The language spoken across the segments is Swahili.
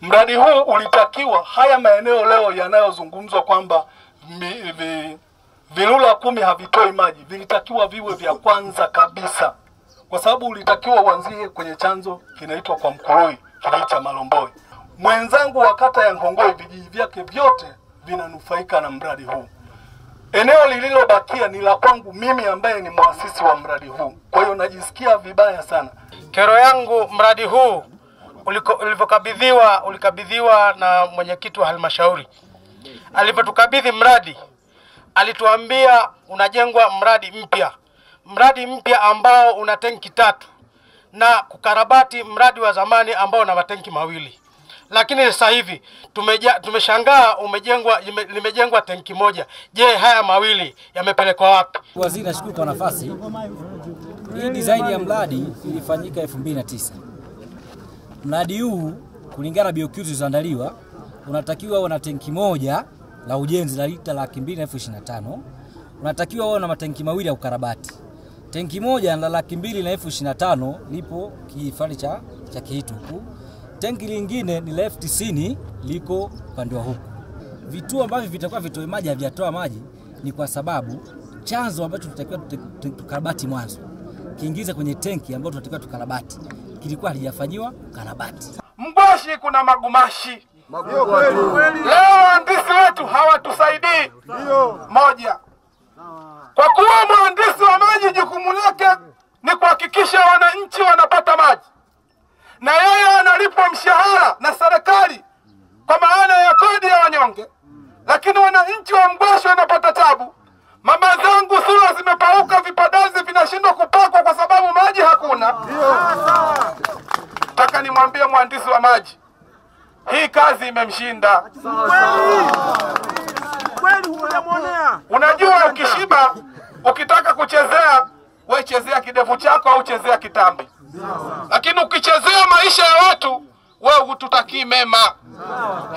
Mradi huu ulitakiwa haya maeneo leo yanayozungumzwa kwamba vi, vilula kumi havitoi maji vilitakiwa viwe vya kwanza kabisa, kwa sababu ulitakiwa uanzie kwenye chanzo kinaitwa kwa Mkurui, kijiji Malomboi. Mwenzangu wa kata ya Ngongoi, vijiji vyake vyote vinanufaika na mradi huu. Eneo lililobakia ni la kwangu mimi ambaye ni mwasisi wa mradi huu, kwa hiyo najisikia vibaya sana. Kero yangu mradi huu ulivyokabidhiwa ulikabidhiwa na mwenyekiti wa halmashauri. Alivyotukabidhi mradi, alituambia unajengwa mradi mpya, mradi mpya ambao una tenki tatu na kukarabati mradi wa zamani ambao una matenki mawili lakini sasa hivi tumeshangaa umejengwa limejengwa tenki moja. Je, haya mawili yamepelekwa wapi? Waziri, nashukuru kwa nafasi hii. Design ya mradi ilifanyika 2009 Mradi huu kulingana na BOQ zilizoandaliwa unatakiwa uwe na tenki moja la ujenzi la lita laki mbili na elfu ishirini na tano unatakiwa uwe na matenki mawili ya ukarabati. Tenki moja la laki mbili na elfu ishirini na tano lipo kihifadhi cha, cha Kihitu huku, tenki lingine ni la elfu tisini liko upande wa huku. Vituo ambavyo vitakuwa vitoe maji havijatoa maji ni kwa sababu chanzo ambacho tunatakiwa tukarabati mwanzo kiingize kwenye tenki ambayo tunatakiwa tukarabati kilikuwa halijafanyiwa karabati. Mboshi kuna magumashi leo, wahandisi wetu hawatusaidii. Moja, kwa kuwa mhandisi wa maji jukumu lake ni kuhakikisha wananchi wanapata maji, na yeye analipwa mshahara na serikali kwa maana ya kodi ya wanyonge, lakini wananchi wa Mboshi mhandisi wa maji, hii kazi imemshinda. Unajua, ukishiba ukitaka kuchezea, we chezea kidevu chako au chezea kitambi, lakini ukichezea maisha ya watu, we hututakii mema.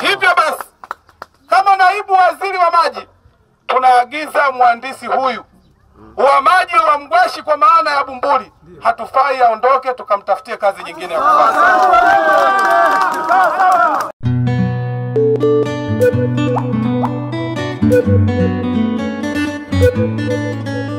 Hivyo basi, kama naibu waziri wa maji, tunaagiza mhandisi huyu wa maji wa mgweshi kwa maana ya Bumbuli hatufai aondoke, tukamtafutie kazi nyingine ya kufanya. Thank you.